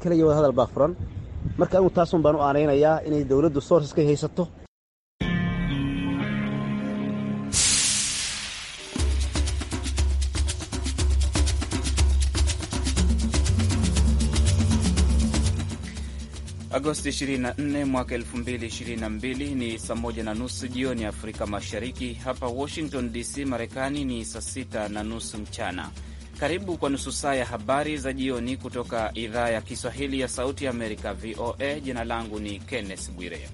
kaliya wada hadal baa furan marka anigu taasun baan u aanaynayaa inay dowladdu sourceska haysato Agosti 24 mwaka 2022 ni saa moja na nusu jioni Afrika Mashariki. Hapa Washington DC, Marekani ni saa sita na nusu mchana. Karibu kwa nusu saa ya habari za jioni kutoka idhaa ya Kiswahili ya Sauti Amerika, VOA. Jina langu ni Kenneth Bwire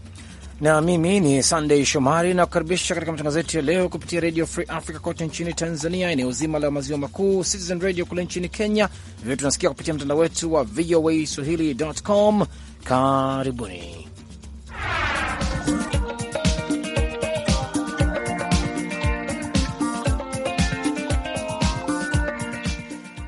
na mimi ni sandey Shomari, nakukaribisha katika matangazo yetu ya leo kupitia Radio Free Africa kote nchini Tanzania, eneo zima la maziwa makuu, Citizen Radio kule nchini Kenya. Vilevile tunasikia kupitia mtandao wetu wa VOA swahili.com. Karibuni.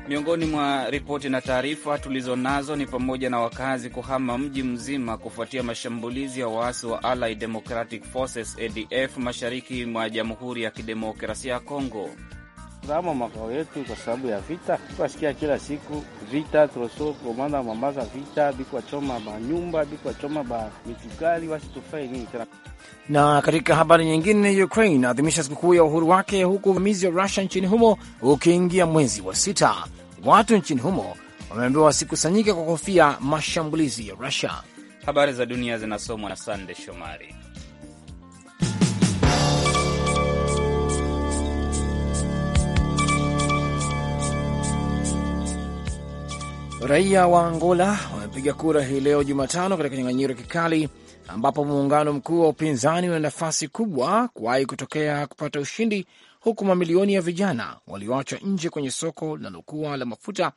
Miongoni mwa ripoti na taarifa tulizonazo ni pamoja na wakazi kuhama mji mzima kufuatia mashambulizi ya waasi wa Allied Democratic Forces ADF mashariki mwa Jamhuri ya Kidemokrasia ya Kongo. Zama makao yetu kwa sababu ya vita, tukasikia kila siku vita troso komanda mambaza vita bikwachoma banyumba bikwachoma ba mitukali, wasi tufai nini tena? Na katika habari nyingine, Ukraine adhimisha sikukuu ya uhuru wake huku uvamizi wa Rusia nchini humo ukiingia mwezi wa sita watu nchini humo wameambiwa wasikusanyike kwa kuhofia mashambulizi ya Rusia. Habari za dunia zinasomwa na Sande Shomari. Raia wa Angola wamepiga kura hii leo Jumatano katika nyang'anyiro kikali ambapo muungano mkuu wa upinzani una nafasi kubwa kuwahi kutokea kupata ushindi, huku mamilioni ya vijana walioachwa nje kwenye soko linalokuwa la mafuta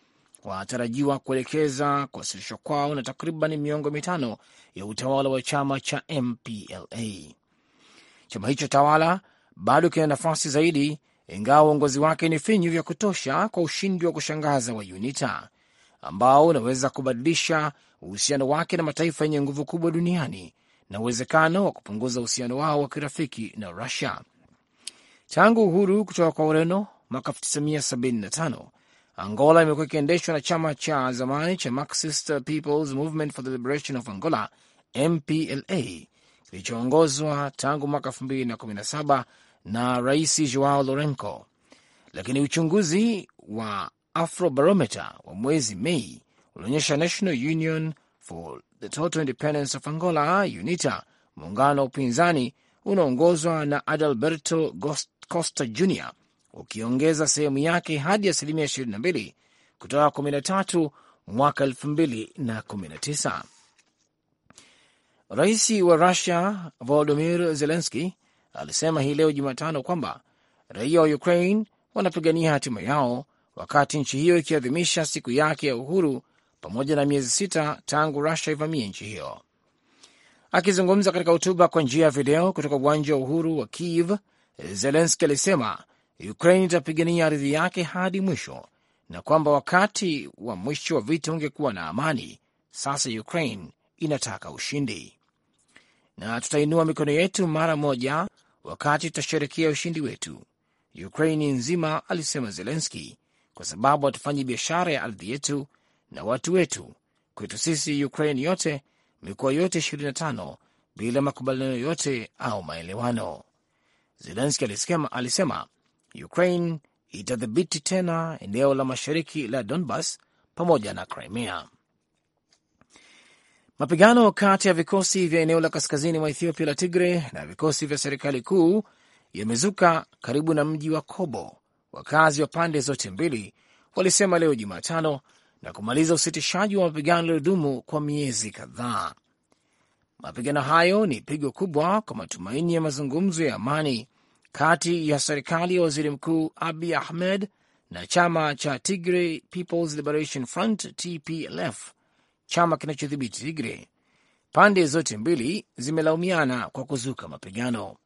wanatarajiwa kuelekeza kuwasilishwa kwao na takriban miongo mitano ya utawala wa chama cha MPLA. Chama hicho tawala bado kina nafasi zaidi, ingawa uongozi wake ni finyu vya kutosha kwa ushindi wa kushangaza wa UNITA ambao unaweza kubadilisha uhusiano wake na mataifa yenye nguvu kubwa duniani na uwezekano wa kupunguza uhusiano wao wa kirafiki na Rusia. Tangu uhuru kutoka kwa Ureno mwaka 1975 Angola imekuwa ikiendeshwa na chama cha zamani cha Marxist Peoples Movement for the Liberation of Angola, MPLA, kilichoongozwa tangu mwaka 2017 na Rais Joao Lourenco, lakini uchunguzi wa Afrobarometer wa mwezi Mei ulionyesha National Union for the Total Independence of Angola, UNITA, muungano wa upinzani unaongozwa na Adalberto Costa Jr ukiongeza sehemu yake hadi asilimia 22 kutoka 13 mwaka 2019. Rais wa rusia Volodimir zelenski alisema hii leo Jumatano kwamba raia wa Ukraine wanapigania hatima yao wakati nchi hiyo ikiadhimisha siku yake ya uhuru pamoja na miezi sita tangu Rusia ivamie nchi hiyo. Akizungumza katika hotuba kwa njia ya video kutoka uwanja wa uhuru wa Kiev, Zelenski alisema Ukraine itapigania ardhi yake hadi mwisho na kwamba wakati wa mwisho wa vita ungekuwa na amani. Sasa Ukraine inataka ushindi na tutainua mikono yetu mara moja wakati tutasherekea ushindi wetu, Ukraini nzima, alisema Zelenski, kwa sababu hatufanyi biashara ya ardhi yetu na watu wetu, kwetu sisi Ukraine yote, mikoa yote 25 bila makubaliano yoyote au maelewano. Zelenski alisema, alisema Ukraine itadhibiti tena eneo la mashariki la Donbas pamoja na Crimea. Mapigano kati ya vikosi vya eneo la kaskazini mwa Ethiopia la Tigre na vikosi vya serikali kuu yamezuka karibu na mji wa Kobo. Wakazi wa pande zote mbili walisema leo Jumatano na kumaliza usitishaji wa mapigano yaliyodumu kwa miezi kadhaa. Mapigano hayo ni pigo kubwa kwa matumaini ya mazungumzo ya amani kati ya serikali ya waziri mkuu abi Ahmed na chama cha Tigray People's Liberation Front TPLF, chama kinachodhibiti Tigray. Pande zote mbili zimelaumiana kwa kuzuka mapigano.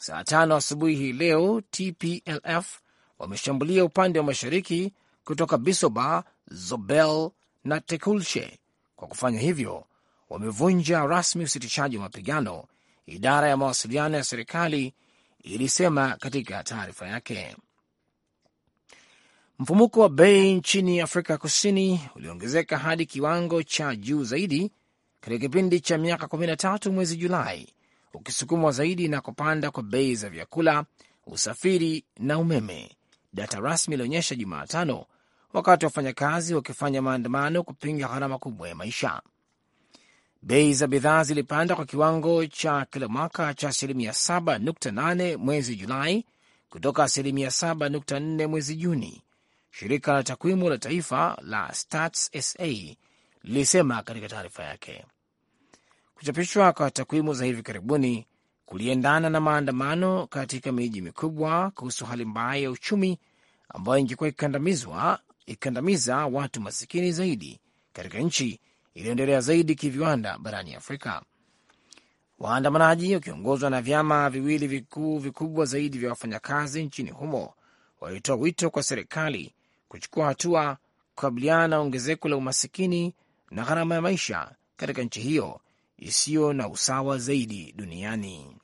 Saa tano asubuhi hii leo TPLF wameshambulia upande wa mashariki kutoka Bisoba, Zobel na Tekulshe. Kwa kufanya hivyo, wamevunja rasmi usitishaji wa mapigano, idara ya mawasiliano ya serikali ilisema katika taarifa yake. Mfumuko wa bei nchini Afrika Kusini uliongezeka hadi kiwango cha juu zaidi katika kipindi cha miaka 13 mwezi Julai, ukisukumwa zaidi na kupanda kwa bei za vyakula, usafiri na umeme, data rasmi ilionyesha Jumatano, wakati wafanyakazi wakifanya maandamano kupinga gharama kubwa ya maisha. Bei za bidhaa zilipanda kwa kiwango cha kila mwaka cha asilimia 7.8 mwezi Julai kutoka asilimia 7.4 mwezi Juni, shirika la takwimu la taifa la Stats SA lilisema katika taarifa yake. Kuchapishwa kwa takwimu za hivi karibuni kuliendana na maandamano katika miji mikubwa kuhusu hali mbaya ya uchumi ambayo ingekuwa ikikandamiza watu masikini zaidi katika nchi iliyoendelea zaidi kiviwanda barani Afrika. Waandamanaji wakiongozwa na vyama viwili vikuu vikubwa zaidi vya wafanyakazi nchini humo walitoa wito kwa serikali kuchukua hatua kukabiliana na ongezeko la umasikini na gharama ya maisha katika nchi hiyo isiyo na usawa zaidi duniani.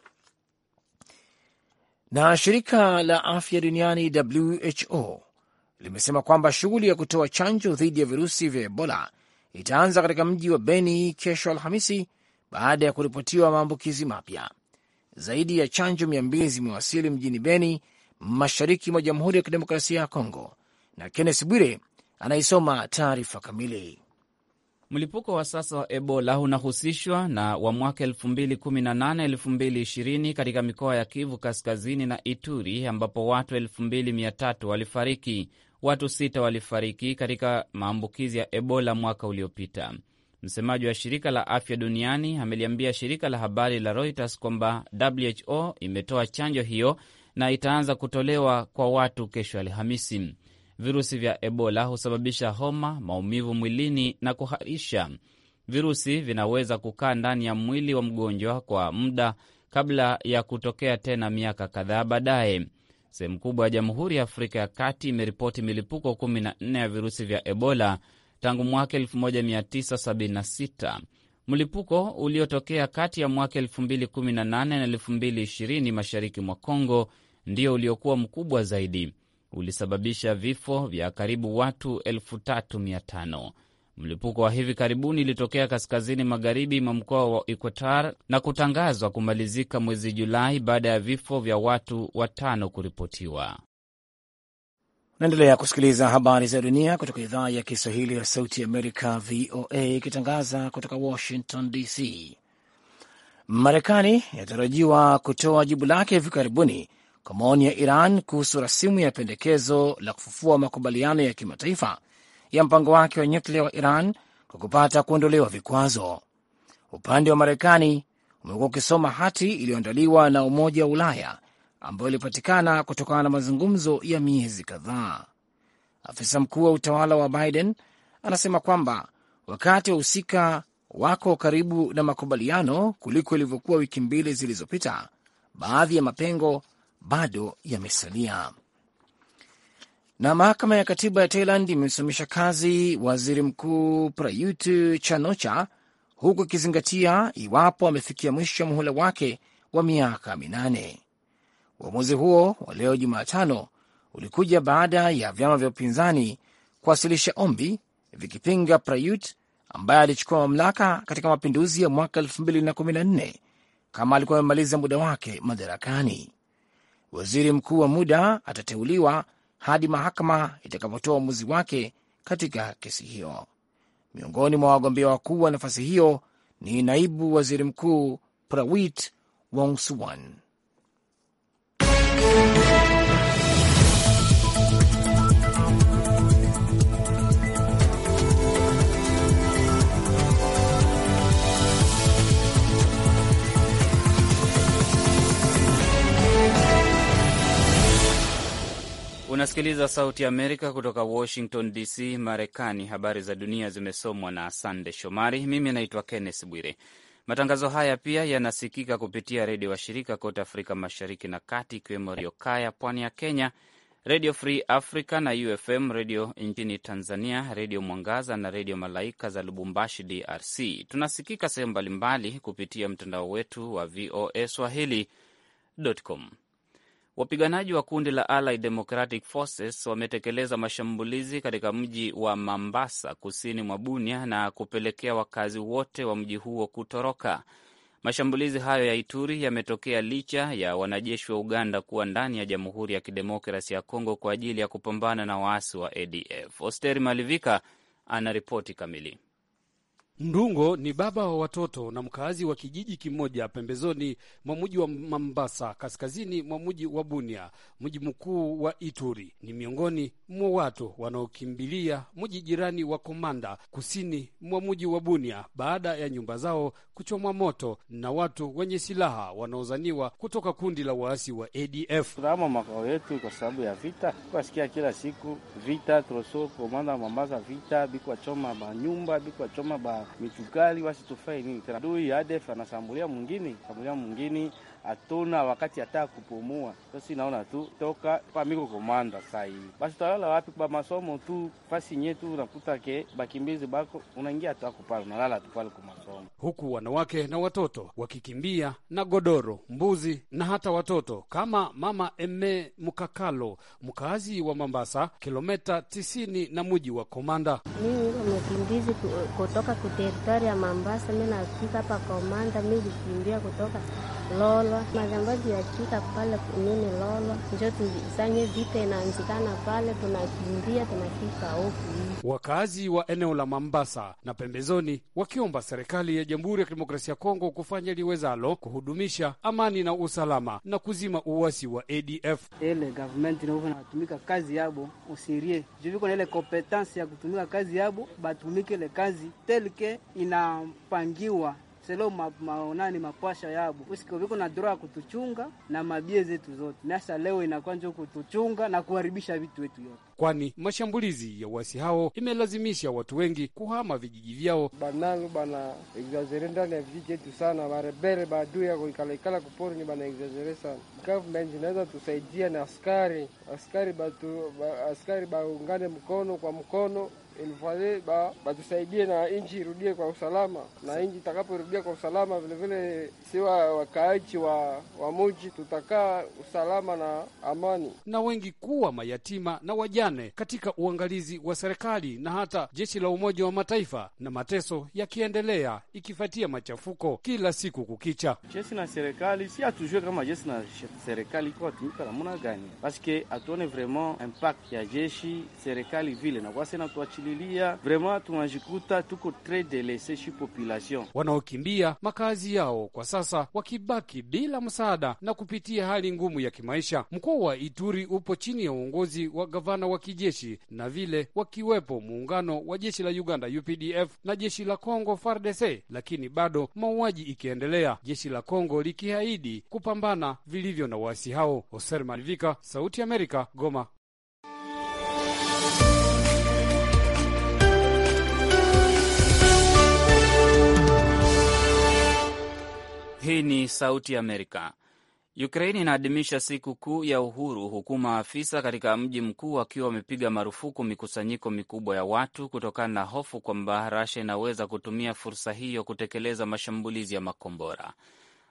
Na shirika la afya duniani WHO limesema kwamba shughuli ya kutoa chanjo dhidi ya virusi vya Ebola itaanza katika mji wa Beni kesho Alhamisi baada ya kuripotiwa maambukizi mapya. Zaidi ya chanjo mia mbili zimewasili mjini Beni, mashariki mwa Jamhuri ya Kidemokrasia ya Kongo, na Kennes Bwire anaisoma taarifa kamili. Mlipuko wa sasa wa Ebola unahusishwa na wa mwaka 2018-2020 katika mikoa ya Kivu Kaskazini na Ituri ambapo watu 2300 walifariki. Watu sita walifariki katika maambukizi ya Ebola mwaka uliopita. Msemaji wa shirika la afya duniani ameliambia shirika la habari la Reuters kwamba WHO imetoa chanjo hiyo na itaanza kutolewa kwa watu kesho Alhamisi. Virusi vya Ebola husababisha homa, maumivu mwilini na kuharisha. Virusi vinaweza kukaa ndani ya mwili wa mgonjwa kwa muda kabla ya kutokea tena miaka kadhaa baadaye. Sehemu kubwa ya Jamhuri ya Afrika ya Kati imeripoti milipuko 14 ya virusi vya Ebola tangu mwaka 1976. Mlipuko uliotokea kati ya mwaka 2018 na 2020 mashariki mwa congo ndio uliokuwa mkubwa zaidi ulisababisha vifo vya karibu watu 3500. Mlipuko wa hivi karibuni ilitokea kaskazini magharibi mwa mkoa wa Equatar na kutangazwa kumalizika mwezi Julai baada ya vifo vya watu watano kuripotiwa. Naendelea kusikiliza habari za dunia kutoka idhaa ya Kiswahili ya Sauti Amerika, VOA, ikitangaza kutoka Washington DC. Marekani inatarajiwa kutoa jibu lake hivi karibuni kwa maoni ya Iran kuhusu rasimu ya pendekezo la kufufua makubaliano ya kimataifa ya mpango wake wa nyuklia wa Iran kwa kupata kuondolewa vikwazo. Upande wa Marekani umekuwa ukisoma hati iliyoandaliwa na Umoja wa Ulaya ambayo ilipatikana kutokana na mazungumzo ya miezi kadhaa. Afisa mkuu wa utawala wa Biden anasema kwamba wakati wahusika wako karibu na makubaliano kuliko ilivyokuwa wiki mbili zilizopita, baadhi ya mapengo bado yamesalia. Na mahakama ya katiba ya Thailand imemsimamisha kazi waziri mkuu Prayut Chanocha, huku ikizingatia iwapo amefikia mwisho wa muhula wake wa miaka minane. Uamuzi huo wa leo Jumatano ulikuja baada ya vyama vya upinzani kuwasilisha ombi vikipinga Prayut ambaye alichukua mamlaka katika mapinduzi ya mwaka 2014 kama alikuwa amemaliza muda wake madarakani. Waziri mkuu wa muda atateuliwa hadi mahakama itakapotoa uamuzi wake katika kesi hiyo. Miongoni mwa wagombea wakuu wa nafasi hiyo ni naibu waziri mkuu Prawit Wongsuwan. Unasikiliza Sauti ya Amerika kutoka Washington DC, Marekani. Habari za dunia zimesomwa na Sande Shomari. Mimi naitwa Kenneth Bwire. Matangazo haya pia yanasikika kupitia redio washirika kote Afrika Mashariki na Kati, ikiwemo Redio Kaya pwani ya Kenya, Redio Free Africa na UFM redio nchini Tanzania, Redio Mwangaza na Redio Malaika za Lubumbashi, DRC. Tunasikika sehemu mbalimbali kupitia mtandao wetu wa VOA swahili.com. Wapiganaji wa kundi la Allied Democratic Forces wametekeleza mashambulizi katika mji wa Mambasa kusini mwa Bunia na kupelekea wakazi wote wa mji huo kutoroka. Mashambulizi hayo ya Ituri yametokea licha ya wanajeshi wa Uganda kuwa ndani ya Jamhuri ya Kidemokrasi ya Kongo kwa ajili ya kupambana na waasi wa ADF. Osteri Malivika anaripoti kamili. Ndungo ni baba wa watoto na mkaazi wa kijiji kimoja pembezoni mwa mji wa Mambasa, kaskazini mwa mji wa Bunia, mji mkuu wa Ituri. Ni miongoni mwa watu wanaokimbilia mji jirani wa Komanda, kusini mwa mji wa Bunia, baada ya nyumba zao kuchomwa moto na watu wenye silaha wanaozaniwa kutoka kundi la waasi wa ADF. Tunahama makao yetu kwa sababu ya vita, tukasikia kila siku vita troso Komanda Mambasa, vita bikwachoma banyumba, bikwachoma ba michukali wasitufai nini tena. Adui ADF anashambulia mwingine, shambulia mwingine hatuna wakati hata kupumua. Sasa naona tu toka kwa miko komanda saa hii, basi utalala wapi? Kwa masomo tu fasi nyetu unakuta ke bakimbizi bako unaingia tu akupale unalala tu pale kwa masomo, huku wanawake na watoto wakikimbia na godoro, mbuzi na hata watoto, kama mama Eme Mkakalo, mkazi wa Mombasa, kilomita tisini na muji wa Komanda. Mimi niko mkimbizi kutoka kuteritari ya Mombasa, mi nafika hapa Komanda, mi likimbia kutoka Lolo kulolwa pale kunini lolwa, njo vita inaanzikana pale, tunakimbia tunafika huku. Wakazi wa eneo la Mambasa na pembezoni wakiomba serikali ya Jamhuri ya Kidemokrasia ya Kongo kufanya liwezalo kuhudumisha amani na usalama na kuzima uwasi wa ADF. Ile government inakuwa kazi yabo usirie juu viko na ile ya kutumika kazi yabo, batumike ile kazi telke inapangiwa selo ma, maonani makwasha yabu usiko viko na droa ya kutuchunga na mabie zetu zote, nasa leo inakuwa njo kutuchunga na kuharibisha vitu wetu yote kwani mashambulizi ya wasi hao imelazimisha watu wengi kuhama vijiji vyao. Banangu bana exagere ndani ya vijiji yetu sana, barebere baadu yako ikalaikala kupori ni bana exagere sana. Government inaweza tusaidia na askari askari batu, ba, askari baungane mkono kwa mkono ilifale ba batusaidie na nchi irudie kwa usalama, na nchi itakaporudia kwa usalama, vilevile siwa wakaaji wa, wa muji tutakaa usalama na amani, na wengi kuwa mayatima na wajana tushirikiane katika uangalizi wa serikali na hata jeshi la Umoja wa Mataifa, na mateso yakiendelea ikifuatia machafuko kila siku kukicha. Jeshi na serikali si atujue kama jeshi na serikali iko atumika namuna gani, paske atuone vraiment impact ya jeshi serikali vile na kwasa tuachililia vraiment, tunajikuta tuko tres delese shi population wanaokimbia makazi yao kwa sasa wakibaki bila msaada na kupitia hali ngumu ya kimaisha. Mkoa wa Ituri upo chini ya uongozi wa gavana wa kijeshi na vile wakiwepo muungano wa jeshi la Uganda UPDF na jeshi la Kongo FARDC, lakini bado mauaji ikiendelea, jeshi la Kongo likiahidi kupambana vilivyo na waasi hao. Hoser Malivika, Sauti Amerika, Goma. Hii ni Sauti Amerika. Ukraini inaadhimisha siku kuu ya uhuru huku maafisa katika mji mkuu wakiwa wamepiga marufuku mikusanyiko mikubwa ya watu kutokana na hofu kwamba Russia inaweza kutumia fursa hiyo kutekeleza mashambulizi ya makombora.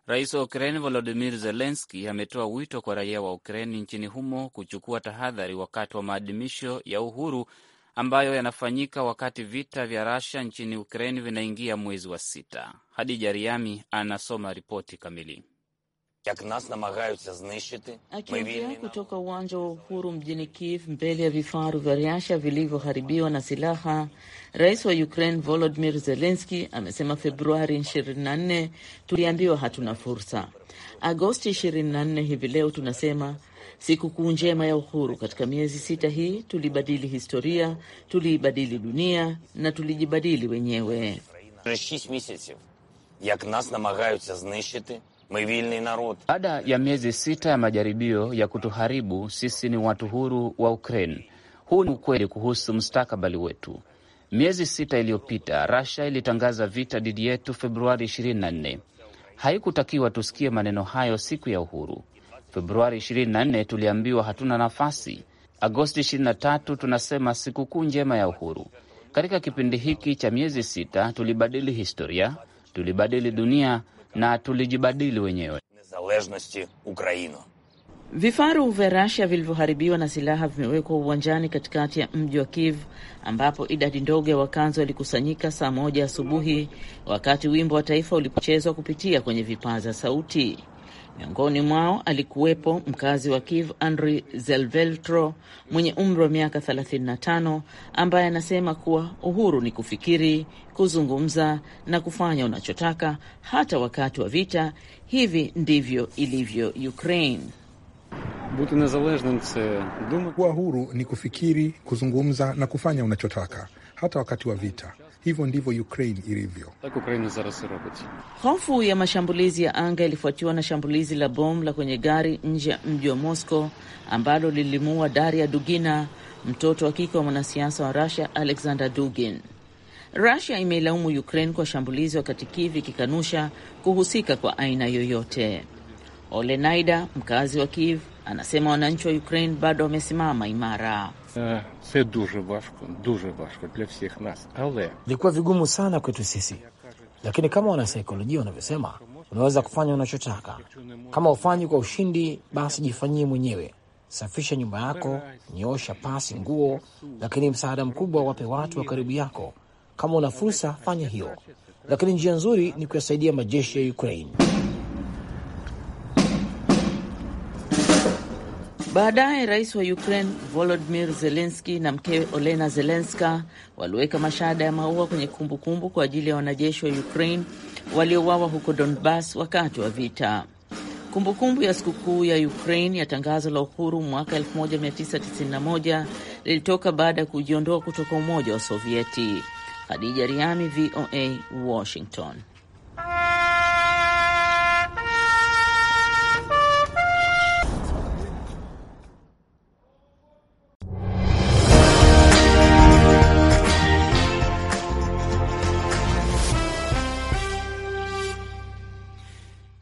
Rais wa Ukraini Volodimir Zelenski ametoa wito kwa raia wa Ukraini nchini humo kuchukua tahadhari wakati wa maadhimisho ya uhuru ambayo yanafanyika wakati vita vya Russia nchini Ukraini vinaingia mwezi wa sita. Hadija Riami anasoma ripoti kamili як нас намагаються знищити. Akiongea kutoka uwanja wa uhuru mjini Kiev mbele ya vifaru vya Russia vilivyoharibiwa na silaha, rais wa Ukraine Volodymyr Zelensky amesema Februari 24 tuliambiwa hatuna fursa, Agosti 24 hivi leo tunasema sikukuu njema ya uhuru. Katika miezi sita hii tulibadili historia, tuliibadili dunia na tulijibadili wenyewe. 6 місяців як нас намагаються знищити baada ya miezi sita ya majaribio ya kutuharibu, sisi ni watu huru wa Ukraine. Huu ni ukweli kuhusu mustakabali wetu. Miezi sita iliyopita Russia ilitangaza vita dhidi yetu Februari 24. Haikutakiwa tusikie maneno hayo siku ya uhuru. Februari 24 tuliambiwa hatuna nafasi. Agosti 23 tunasema sikukuu njema ya uhuru. Katika kipindi hiki cha miezi sita tulibadili historia, tulibadili dunia na tulijibadili wenyewe. Vifaru vya Rasia vilivyoharibiwa na silaha vimewekwa uwanjani katikati ya mji wa Kiev ambapo idadi ndogo ya wakazi walikusanyika saa moja asubuhi wakati wimbo wa taifa ulipochezwa kupitia kwenye vipaza sauti. Miongoni mwao alikuwepo mkazi wa Kiev Andri Zelveltro mwenye umri wa miaka 35 ambaye anasema kuwa uhuru ni kufikiri, kuzungumza na kufanya unachotaka hata wakati wa vita. Hivi ndivyo ilivyo Ukraine. Kuwa huru ni kufikiri, kuzungumza na kufanya unachotaka hata wakati wa vita. Hivyo ndivyo Ukraine ilivyo. Hofu ya mashambulizi ya anga ilifuatiwa na shambulizi la bomu la kwenye gari nje ya mji wa Moscow ambalo lilimuua Daria Dugina, mtoto wa kike wa mwanasiasa wa rusia Alexander Dugin. Rusia imeilaumu Ukraine kwa shambulizi, wakati Kiev ikikanusha kuhusika kwa aina yoyote. Olenaida, mkazi wa Kiev, anasema wananchi wa Ukraine bado wamesimama imara. Це дуже важко, дуже важко для всіх нас, але ilikuwa vigumu sana kwetu sisi, lakini kama wanasaikolojia wanavyosema, unaweza kufanya unachotaka. Kama ufanyi kwa ushindi, basi jifanyie mwenyewe. Safisha nyumba yako, nyoosha pasi, nguo, lakini msaada mkubwa wape watu wa karibu yako. Kama una fursa, fanya hiyo, lakini njia nzuri ni kuyasaidia majeshi ya Ukraine. Baadaye rais wa Ukraine Volodimir Zelenski na mkewe Olena Zelenska waliweka mashada ya maua kwenye kumbukumbu kumbu kwa ajili ya wanajeshi wa Ukraine waliouawa huko Donbas wakati wa vita. Kumbukumbu kumbu ya sikukuu ya Ukraine ya tangazo la uhuru mwaka 1991 lilitoka baada ya kujiondoa kutoka Umoja wa Sovieti. hadija Riami, VOA, Washington.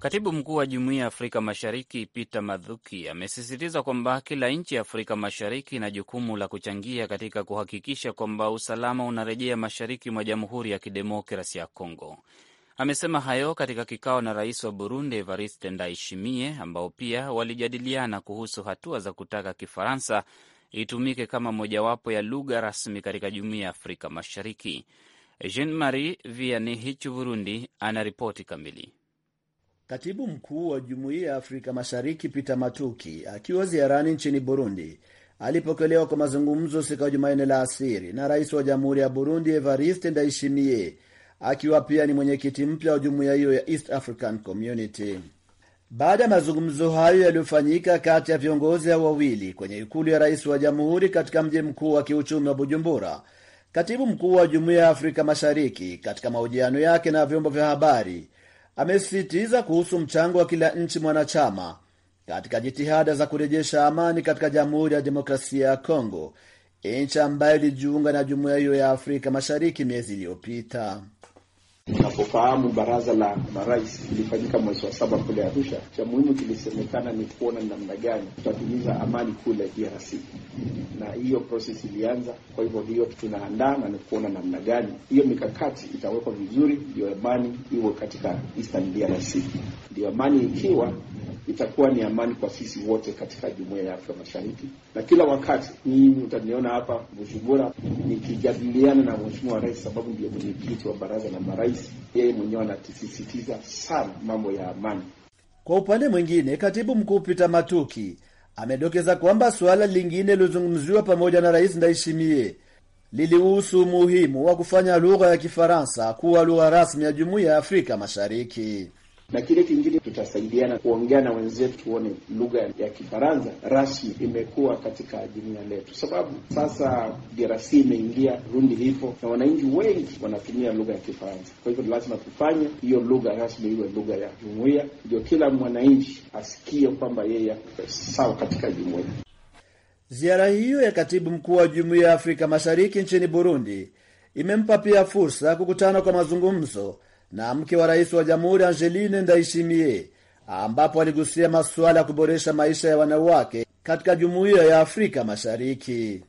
Katibu mkuu wa Jumuiya ya Afrika Mashariki Peter Mathuki amesisitiza kwamba kila nchi ya Afrika Mashariki ina jukumu la kuchangia katika kuhakikisha kwamba usalama unarejea mashariki mwa Jamhuri ya kidemokrasi ya congo Amesema hayo katika kikao na rais wa Burundi Evariste Ndayishimiye, ambao pia walijadiliana kuhusu hatua za kutaka Kifaransa itumike kama mojawapo ya lugha rasmi katika Jumuiya ya Afrika Mashariki. Jean Marie Vianney Hichu, Burundi, ana ripoti kamili. Katibu mkuu wa Jumuiya ya Afrika Mashariki Peter Matuki akiwa ziarani nchini Burundi alipokelewa kwa mazungumzo siku ya Jumanne la asiri na rais wa Jamhuri ya Burundi Evariste Ndayishimiye akiwa pia ni mwenyekiti mpya wa jumuiya hiyo ya East African Community. Baada ya mazungumzo hayo yaliyofanyika kati ya viongozi hao wawili kwenye ikulu ya rais wa jamhuri katika mji mkuu wa kiuchumi wa Bujumbura, katibu mkuu wa jumuiya ya Afrika Mashariki katika mahojiano yake na vyombo vya habari amesisitiza kuhusu mchango wa kila nchi mwanachama katika jitihada za kurejesha amani katika Jamhuri ya Demokrasia ya Kongo, nchi ambayo ilijiunga na jumuiya hiyo ya Afrika Mashariki miezi iliyopita. Napofahamu baraza la marais lilifanyika mwezi wa saba kule Arusha, cha muhimu kilisemekana ni kuona namna gani tutatumiza amani kule DRC, na hiyo proses ilianza. Kwa hivyo hiyo tunaandaa na ni kuona namna gani hiyo mikakati itawekwa vizuri, ndio amani iwe katika Eastern DRC. Ndio amani ikiwa itakuwa ni amani kwa sisi wote katika jumuiya ya Afrika Mashariki. Na kila wakati mimi utaniona hapa Bujumbura nikijadiliana na mheshimiwa rais, sababu ndio mwenyekiti wa baraza la marais rais yeye mwenyewe anatisisitiza sana mambo ya amani. Kwa upande mwingine, katibu mkuu Peter Matuki amedokeza kwamba suala lingine lilozungumziwa pamoja na rais Ndayishimiye lilihusu umuhimu wa kufanya lugha ya Kifaransa kuwa lugha rasmi ya Jumuiya ya Afrika Mashariki na kile kingine tutasaidiana kuongea na wenzetu tuone lugha ya Kifaransa rasmi imekuwa katika jumuiya letu, sababu sasa DRC imeingia Rundi hivyo, na wananchi wengi wanatumia lugha ya Kifaransa. Kwa hivyo lazima tufanye hiyo lugha rasmi iwe lugha ya jumuiya, ndio kila mwananchi asikie kwamba yeye sawa katika jumuiya. Ziara hiyo ya katibu mkuu wa jumuiya ya Afrika Mashariki nchini Burundi imempa pia fursa kukutana kwa mazungumzo na mke wa rais wa jamhuri Angeline Ndaishimie, ambapo aligusia masuala ya kuboresha maisha ya wanawake katika jumuiya ya Afrika Mashariki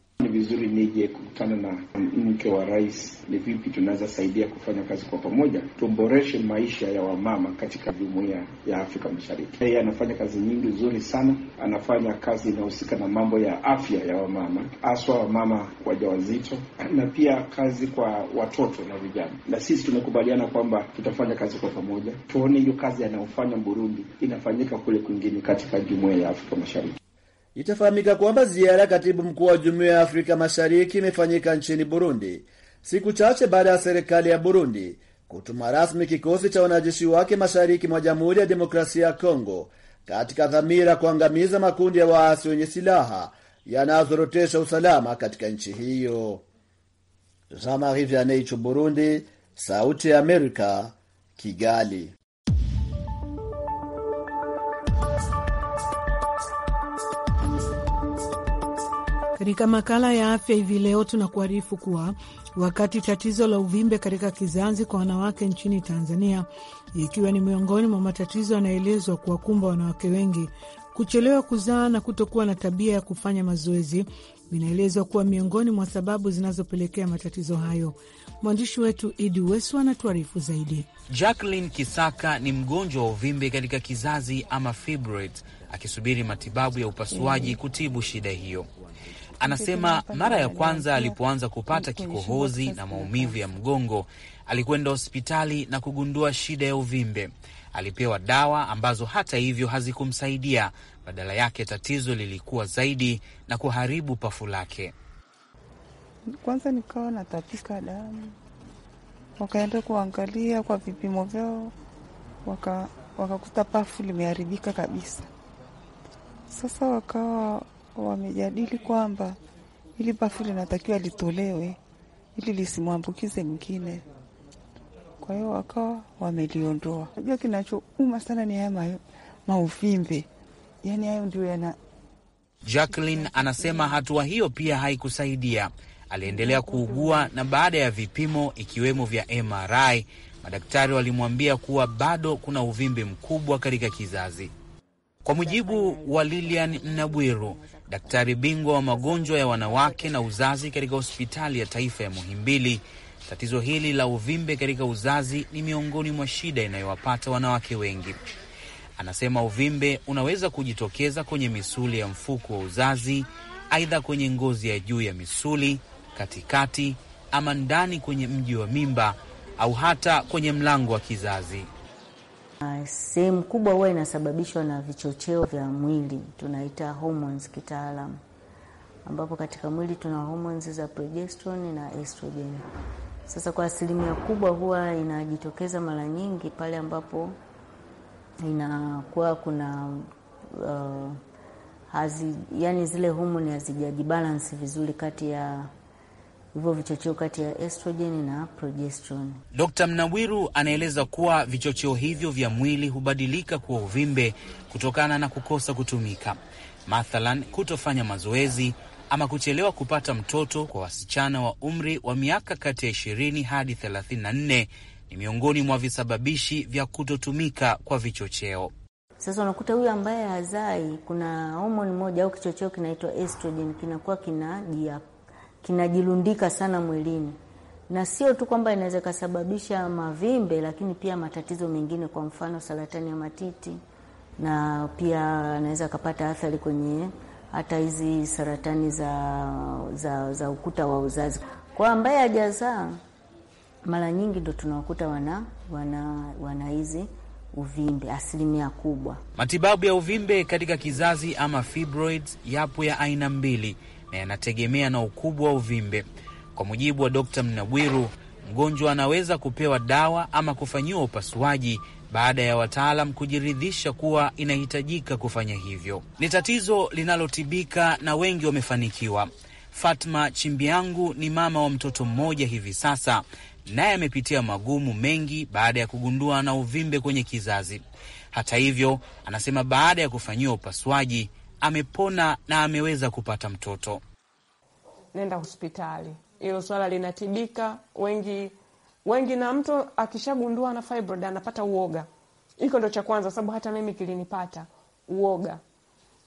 je, kukutana na mke wa rais, ni vipi tunaweza saidia kufanya kazi kwa pamoja, tuboreshe maisha ya wamama katika jumuiya ya Afrika Mashariki. Yeye anafanya kazi nyingi nzuri sana, anafanya kazi inahusika na mambo ya afya ya wamama, haswa wamama wajawazito, na pia kazi kwa watoto na vijana. Na sisi tumekubaliana kwamba tutafanya kazi kwa pamoja, tuone hiyo kazi anayofanya Burundi inafanyika kule kwingine katika jumuiya ya Afrika Mashariki. Itafahamika kwamba ziara ya katibu mkuu wa jumuiya ya Afrika Mashariki imefanyika nchini Burundi siku chache baada ya serikali ya Burundi kutuma rasmi kikosi cha wanajeshi wake mashariki mwa Jamhuri ya Demokrasia ya Kongo katika dhamira kuangamiza makundi ya waasi wenye silaha yanayozorotesha usalama katika nchi hiyo. Burundi, Sauti ya Amerika, Kigali. Katika makala ya afya hivi leo tunakuarifu kuwa wakati tatizo la uvimbe katika kizazi kwa wanawake nchini Tanzania ikiwa ni miongoni mwa matatizo yanayoelezwa kuwakumba wanawake wengi, kuchelewa kuzaa na kutokuwa na tabia ya kufanya mazoezi vinaelezwa kuwa miongoni mwa sababu zinazopelekea matatizo hayo. Mwandishi wetu Idi Wesu anatuarifu zaidi. Jacqueline Kisaka ni mgonjwa wa uvimbe katika kizazi ama fibroid, akisubiri matibabu ya upasuaji kutibu shida hiyo. Anasema mara ya kwanza alipoanza kupata kikohozi na maumivu ya mgongo, alikwenda hospitali na kugundua shida ya uvimbe. Alipewa dawa ambazo hata hivyo hazikumsaidia, badala yake tatizo lilikuwa zaidi na kuharibu pafu lake. Kwanza nikawa natapika damu, wakaenda kuangalia kwa vipimo vyao, wakakuta waka pafu limeharibika kabisa. Sasa wakawa wamejadili kwamba ili bafu linatakiwa litolewe ili lisimwambukize mwingine. Kwa hiyo wakawa wameliondoa. Najua kinachouma sana ni haya mauvimbe, yani hayo ndio yana. Jacqueline anasema hatua hiyo pia haikusaidia. Aliendelea kuugua na baada ya vipimo ikiwemo vya MRI madaktari walimwambia kuwa bado kuna uvimbe mkubwa katika kizazi. Kwa mujibu wa Lilian Mnabwiru, daktari bingwa wa magonjwa ya wanawake na uzazi katika hospitali ya taifa ya Muhimbili. Tatizo hili la uvimbe katika uzazi ni miongoni mwa shida inayowapata wanawake wengi. Anasema uvimbe unaweza kujitokeza kwenye misuli ya mfuko wa uzazi, aidha kwenye ngozi ya juu ya misuli, katikati ama ndani kwenye mji wa mimba au hata kwenye mlango wa kizazi. Sehemu kubwa huwa inasababishwa na vichocheo vya mwili, tunaita hormones kitaalamu, ambapo katika mwili tuna hormones za progesterone na estrogen. Sasa kwa asilimia kubwa huwa inajitokeza mara nyingi pale ambapo inakuwa kuna uh, hazi, yani zile homoni hazijajibalansi vizuri kati ya hivyo vichocheo kati ya estrojeni na progesterone. Dkt Mnawiru anaeleza kuwa vichocheo hivyo vya mwili hubadilika kuwa uvimbe kutokana na kukosa kutumika, mathalan kutofanya mazoezi ama kuchelewa kupata mtoto. Kwa wasichana wa umri wa miaka kati ya 20 hadi 34 ni miongoni mwa visababishi vya kutotumika kwa vichocheo. Sasa unakuta huyu ambaye hazai, kuna homoni moja au kichocheo kinaitwa estrogen kinakuwa kina kinajirundika sana mwilini, na sio tu kwamba inaweza ikasababisha mavimbe, lakini pia matatizo mengine, kwa mfano saratani ya matiti, na pia anaweza akapata athari kwenye hata hizi saratani za, za, za ukuta wa uzazi. Kwa ambaye hajazaa mara nyingi ndo tunawakuta wana wana wana hizi uvimbe asilimia kubwa. Matibabu ya uvimbe katika kizazi ama fibroids yapo ya aina mbili, na eh, yanategemea na ukubwa wa uvimbe. Kwa mujibu wa Dr Mnabwiru, mgonjwa anaweza kupewa dawa ama kufanyiwa upasuaji baada ya wataalam kujiridhisha kuwa inahitajika kufanya hivyo. Ni tatizo linalotibika na wengi wamefanikiwa. Fatma Chimbiangu ni mama wa mtoto mmoja hivi sasa, naye amepitia magumu mengi baada ya kugundua na uvimbe kwenye kizazi. Hata hivyo, anasema baada ya kufanyiwa upasuaji amepona na ameweza kupata mtoto. Nenda hospitali, hilo swala linatibika. Wengi wengi, na mtu akishagundua na fibroid anapata uoga. Hiko ndo cha kwanza, sababu hata mimi kilinipata uoga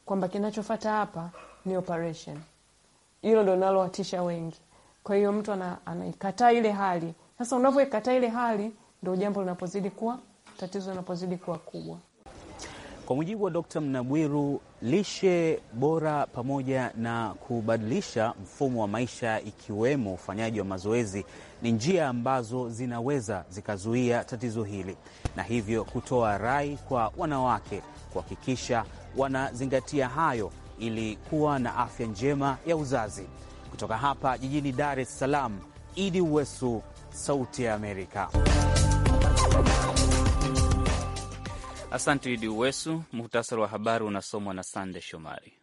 kwamba kinachofata hapa ni operation. Hilo ndo linalowatisha wengi. Kwa hiyo mtu anaikataa ana ile hali sasa. Unavyoikataa ile hali, ndo jambo linapozidi kuwa tatizo linapozidi kuwa kubwa. Kwa mujibu wa Dr. Mnabwiru, lishe bora pamoja na kubadilisha mfumo wa maisha ikiwemo ufanyaji wa mazoezi ni njia ambazo zinaweza zikazuia tatizo hili, na hivyo kutoa rai kwa wanawake kuhakikisha wanazingatia hayo ili kuwa na afya njema ya uzazi. Kutoka hapa jijini Dar es Salaam, Idi Uwesu, Sauti ya Amerika. Asante Idi Uwesu. Muhtasari wa habari unasomwa na Sande Shomari.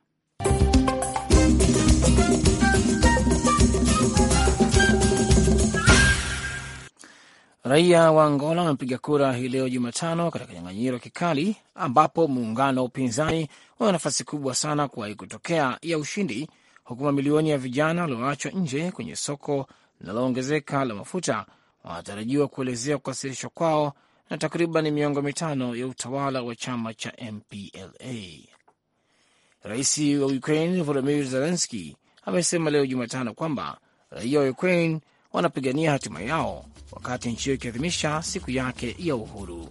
Raia wa Angola wamepiga kura hii leo Jumatano katika nyang'anyiro kikali ambapo muungano wa upinzani una nafasi kubwa sana kuwahi kutokea ya ushindi, huku mamilioni ya vijana walioachwa nje kwenye soko linaloongezeka la mafuta wanatarajiwa kuelezea kukasirishwa kwao na takriban miongo mitano ya utawala wa chama cha MPLA. Rais wa Ukraine Volodymyr Zelensky amesema leo Jumatano kwamba raia wa Ukraine wanapigania hatima yao wakati nchi hiyo ikiadhimisha siku yake ya uhuru.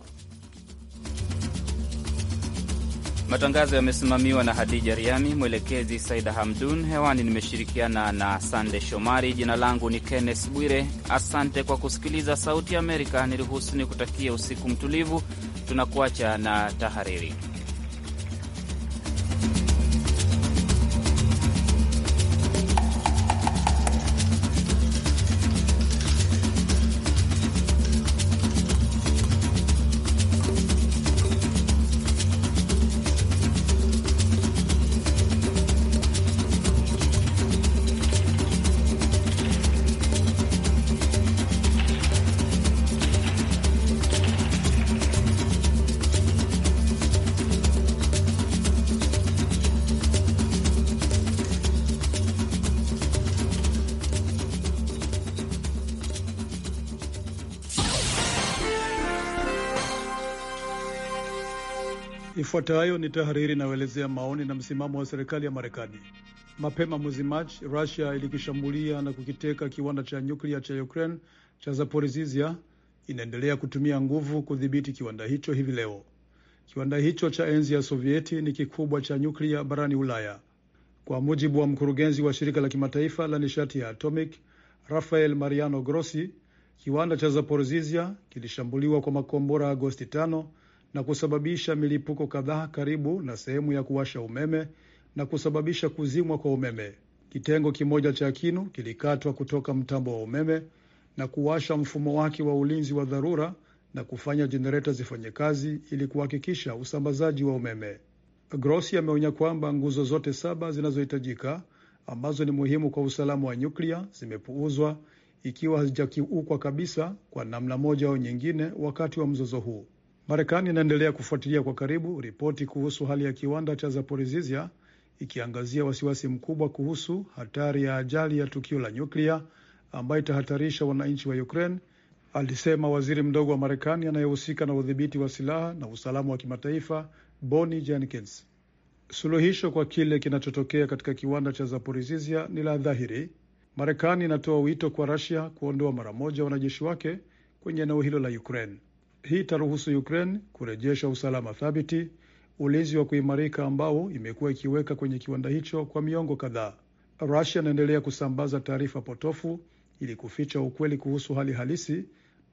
Matangazo yamesimamiwa na Hadija Riami, mwelekezi Saida Hamdun. Hewani nimeshirikiana na Sande Shomari. Jina langu ni kennes Bwire. Asante kwa kusikiliza Sauti ya Amerika. Niruhusu ni kutakia usiku mtulivu. Tunakuacha na tahariri. Ifuatayo ni tahariri inayoelezea maoni na msimamo wa serikali ya Marekani. Mapema mwezi Machi, Rusia ilikishambulia na kukiteka kiwanda cha nyuklia cha Ukraine cha Zaporizhzhia. Inaendelea kutumia nguvu kudhibiti kiwanda hicho hivi leo. Kiwanda hicho cha enzi ya Sovieti ni kikubwa cha nyuklia barani Ulaya. Kwa mujibu wa mkurugenzi wa shirika la kimataifa la nishati ya atomic Rafael Mariano Grossi, kiwanda cha Zaporizhzhia kilishambuliwa kwa makombora Agosti tano na kusababisha milipuko kadhaa karibu na sehemu ya kuwasha umeme na kusababisha kuzimwa kwa umeme. Kitengo kimoja cha kinu kilikatwa kutoka mtambo wa umeme na kuwasha mfumo wake wa ulinzi wa dharura na kufanya jenereta zifanye kazi ili kuhakikisha usambazaji wa umeme. Grossi ameonya kwamba nguzo zote saba zinazohitajika ambazo ni muhimu kwa usalama wa nyuklia zimepuuzwa ikiwa hazijakiukwa kabisa kwa namna moja au nyingine wakati wa mzozo huu. Marekani inaendelea kufuatilia kwa karibu ripoti kuhusu hali ya kiwanda cha Zaporizhzhia ikiangazia wasiwasi mkubwa kuhusu hatari ya ajali ya tukio la nyuklia ambayo itahatarisha wananchi wa Ukraine, alisema waziri mdogo wa Marekani anayehusika na udhibiti wa silaha na usalama wa kimataifa Bonnie Jenkins. Suluhisho kwa kile kinachotokea katika kiwanda cha Zaporizhzhia ni la dhahiri. Marekani inatoa wito kwa Russia kuondoa mara moja wanajeshi wake kwenye eneo hilo la Ukraine. Hii itaruhusu Ukraine kurejesha usalama thabiti, ulinzi wa kuimarika ambao imekuwa ikiweka kwenye kiwanda hicho kwa miongo kadhaa. Rusia inaendelea kusambaza taarifa potofu ili kuficha ukweli kuhusu hali halisi,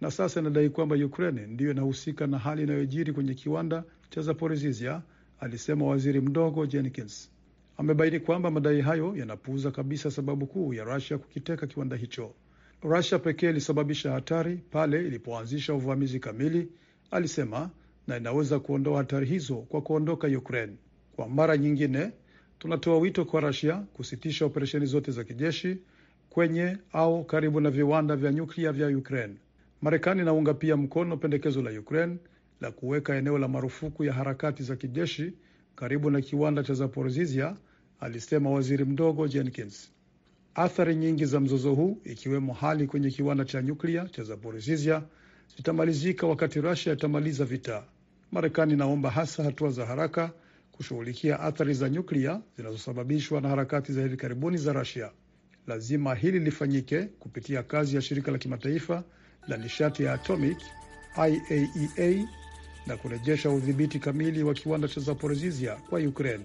na sasa inadai kwamba Ukraine ndiyo inahusika na hali inayojiri kwenye kiwanda cha Zaporizhzhia, alisema waziri mdogo Jenkins. Amebaini kwamba madai hayo yanapuuza kabisa sababu kuu ya rasia kukiteka kiwanda hicho. Russia pekee ilisababisha hatari pale ilipoanzisha uvamizi kamili, alisema, na inaweza kuondoa hatari hizo kwa kuondoka Ukraine. Kwa mara nyingine, tunatoa wito kwa Russia kusitisha operesheni zote za kijeshi kwenye au karibu na viwanda vya nyuklia vya Ukraine. Marekani inaunga pia mkono pendekezo la Ukraine la kuweka eneo la marufuku ya harakati za kijeshi karibu na kiwanda cha Zaporizhia, alisema waziri mdogo Jenkins. Athari nyingi za mzozo huu ikiwemo hali kwenye kiwanda cha nyuklia cha Zaporizhia zitamalizika wakati rasia itamaliza vita. Marekani inaomba hasa hatua za haraka kushughulikia athari za nyuklia zinazosababishwa na harakati za hivi karibuni za rasia Lazima hili lifanyike kupitia kazi ya shirika la kimataifa la nishati ya atomic IAEA e na kurejesha udhibiti kamili wa kiwanda cha Zaporizhia kwa Ukraine.